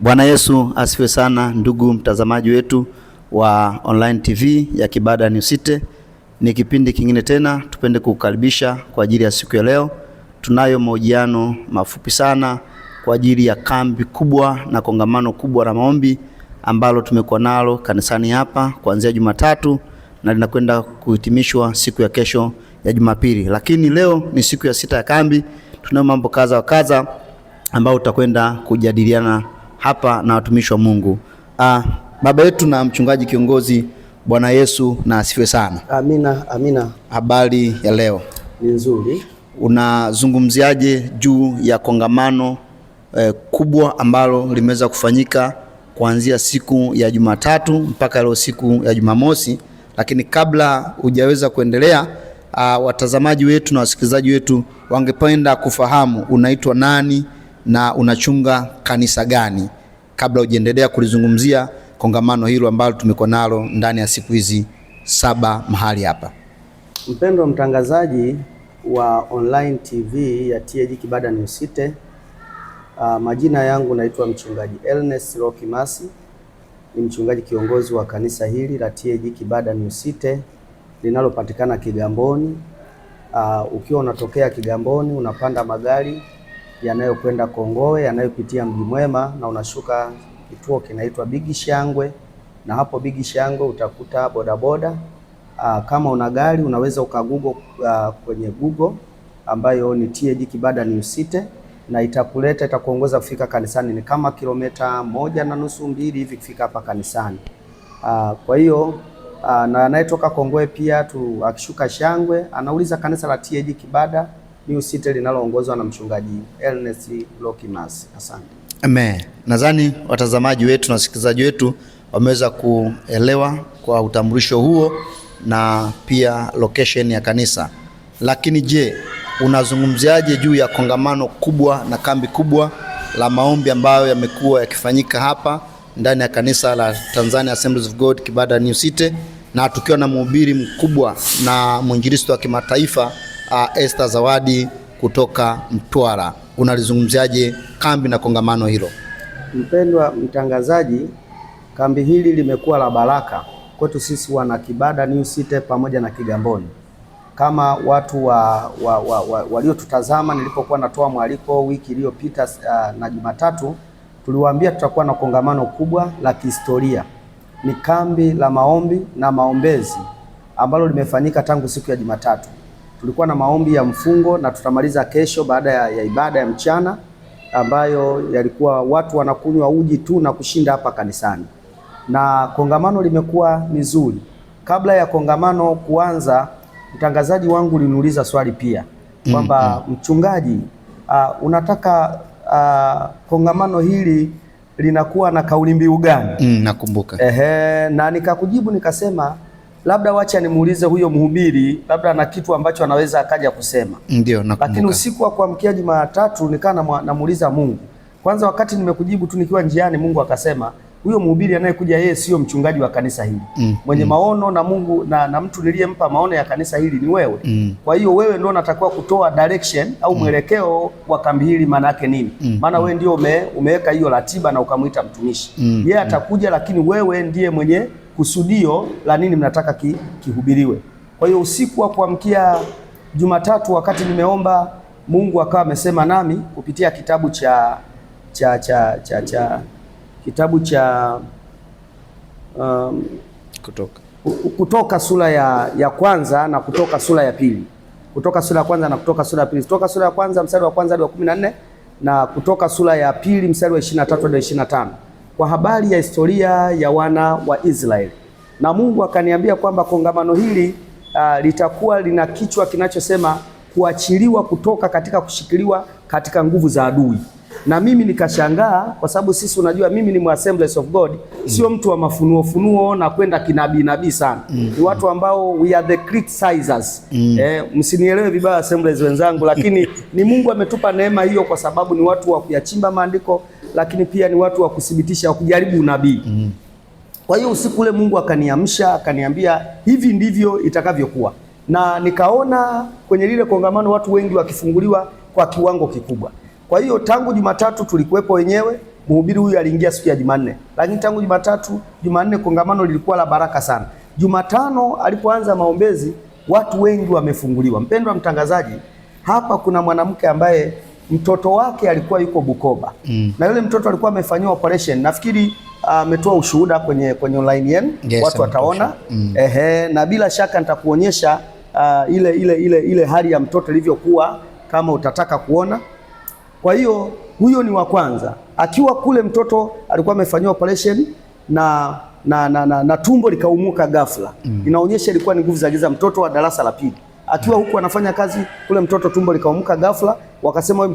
Bwana Yesu asifiwe sana, ndugu mtazamaji wetu wa online TV ya Kibada News City. Ni kipindi kingine tena, tupende kukukaribisha kwa ajili ya siku ya leo. Tunayo mahojiano mafupi sana kwa ajili ya kambi kubwa na kongamano kubwa la maombi ambalo tumekuwa nalo kanisani hapa kuanzia Jumatatu na linakwenda kuhitimishwa siku ya kesho ya Jumapili. Lakini leo ni siku ya sita ya kambi, tunayo mambo kadha wa kadha ambayo tutakwenda kujadiliana hapa na watumishi wa Mungu. Ah, baba yetu na mchungaji kiongozi, Bwana Yesu na asifiwe sana. Amina, amina. Habari ya leo ni nzuri. Unazungumziaje juu ya kongamano eh, kubwa ambalo limeweza kufanyika kuanzia siku ya Jumatatu mpaka leo siku ya Jumamosi? Lakini kabla hujaweza kuendelea Uh, watazamaji wetu na wasikilizaji wetu wangependa kufahamu unaitwa nani na unachunga kanisa gani? kabla hujaendelea kulizungumzia kongamano hilo ambalo tumeko nalo ndani ya siku hizi saba mahali hapa. Mpendwa mtangazaji wa online TV ya TAG Kibada News City. Uh, majina yangu naitwa mchungaji Ernest Roki Masi, ni mchungaji kiongozi wa kanisa hili la TAG Kibada News City linalopatikana Kigamboni. Uh, ukiwa unatokea Kigamboni unapanda magari yanayokwenda Kongowe yanayopitia Mji Mwema na unashuka kituo kinaitwa Bigi Shangwe, na hapo Bigi Shangwe utakuta bodaboda aa, ah, kama una gari unaweza ukagoogle ah, kwenye Google ambayo ni TAG Kibada ni usite na itakuleta itakuongoza kufika kanisani, ni kama kilomita moja na nusu mbili hivi kufika hapa kanisani. Ah, kwa hiyo na anayetoka Kongowe pia tu akishuka Shangwe anauliza kanisa la TAG Kibada New City linaloongozwa na mchungaji Ernest Lokimas. Asante. Amen. Nadhani watazamaji wetu na wasikilizaji wetu wameweza kuelewa kwa utambulisho huo na pia location ya kanisa. Lakini je, unazungumziaje juu ya kongamano kubwa na kambi kubwa la maombi ambayo yamekuwa yakifanyika hapa ndani ya kanisa la Tanzania Assemblies of God Kibada New City, na tukiwa na mhubiri mkubwa na mwinjilisti wa kimataifa uh, Esther Zawadi kutoka Mtwara, unalizungumziaje kambi na kongamano hilo? Mpendwa mtangazaji, kambi hili limekuwa la baraka kwetu sisi wana Kibada New City pamoja na Kigamboni kama watu wa, wa, wa, wa, waliotutazama nilipokuwa natoa mwaliko wiki iliyopita uh, na Jumatatu tuliwaambia tutakuwa na kongamano kubwa la kihistoria. Ni kambi la maombi na maombezi ambalo limefanyika tangu siku ya Jumatatu. Kulikuwa na maombi ya mfungo na tutamaliza kesho baada ya, ya ibada ya mchana ambayo yalikuwa watu wanakunywa uji tu na kushinda hapa kanisani, na kongamano limekuwa ni zuri. Kabla ya kongamano kuanza, mtangazaji wangu liniuliza swali pia kwamba mm -hmm. Mchungaji, uh, unataka uh, kongamano hili linakuwa na kauli mbiu gani? Mm, nakumbuka. Ehe, na nikakujibu nikasema labda wacha nimuulize huyo mhubiri, labda na kitu ambacho anaweza akaja kusema. Ndio Lakini usiku wa kuamkia Jumatatu nikaa namuuliza Mungu kwanza, wakati nimekujibu tu nikiwa njiani, Mungu akasema huyo mhubiri anayekuja yeye sio mchungaji wa kanisa hili mm, mwenye mm, maono na Mungu na, na mtu niliyempa maono ya kanisa hili ni wewe mm. Kwa hiyo wewe ndio unatakiwa kutoa direction au mm, mwelekeo wa kambi hili maana yake nini? Mm, maana mm, wewe ndio ume, umeweka hiyo ratiba na ukamwita mtumishi mm, yeye mm. atakuja, lakini wewe ndiye mwenye kusudio la nini mnataka ki, kihubiriwe. Kwa hiyo usiku wa kuamkia Jumatatu wakati nimeomba Mungu akawa amesema nami kupitia kitabu cha cha cha cha, cha kitabu cha um, Kutoka. Kutoka sura ya, ya kwanza na Kutoka sura ya pili. Kutoka sura ya kwanza na Kutoka sura ya pili. Kutoka sura ya kwanza mstari wa kwanza hadi wa 14 na Kutoka sura ya pili mstari wa 23 hadi tano kwa habari ya historia ya wana wa Israeli, na Mungu akaniambia kwamba kongamano hili uh, litakuwa lina kichwa kinachosema kuachiliwa kutoka katika kushikiliwa katika nguvu za adui. Na mimi nikashangaa kwa sababu sisi, unajua mimi ni Assemblies of God mm. sio mtu wa mafunuo funuo na kwenda kinabii nabii sana mm. ni watu ambao we are the criticizers mm. Eh, msinielewe vibaya Assemblies wenzangu, lakini ni Mungu ametupa neema hiyo, kwa sababu ni watu wa kuyachimba maandiko lakini pia ni watu wa kuthibitisha, wa kujaribu unabii mm. Kwa hiyo usiku ule Mungu akaniamsha akaniambia hivi ndivyo itakavyokuwa, na nikaona kwenye lile kongamano watu wengi wakifunguliwa kwa kiwango kikubwa. Kwa hiyo tangu Jumatatu tulikuwepo wenyewe, mhubiri huyu aliingia siku ya Jumanne, lakini tangu Jumatatu, Jumanne kongamano lilikuwa la baraka sana. Jumatano alipoanza maombezi, watu wengi wamefunguliwa. Mpendwa mtangazaji, hapa kuna mwanamke ambaye mtoto wake alikuwa yuko Bukoba mm. na yule mtoto alikuwa amefanyiwa operation nafikiri ah, ametoa uh, ushuhuda kwenye, kwenye online yenu yes, watu wataona mm. ehe, na bila shaka nitakuonyesha uh, ile, ile, ile, ile hali ya mtoto ilivyokuwa kama utataka kuona. Kwa hiyo huyo ni wa kwanza. Akiwa kule mtoto alikuwa amefanyiwa operation na, na, na, na, na tumbo likaumuka ghafla mm. inaonyesha ilikuwa ni nguvu za giza, mtoto wa darasa la pili akiwa mm. huku anafanya kazi kule, mtoto tumbo likaumuka ghafla, wakasema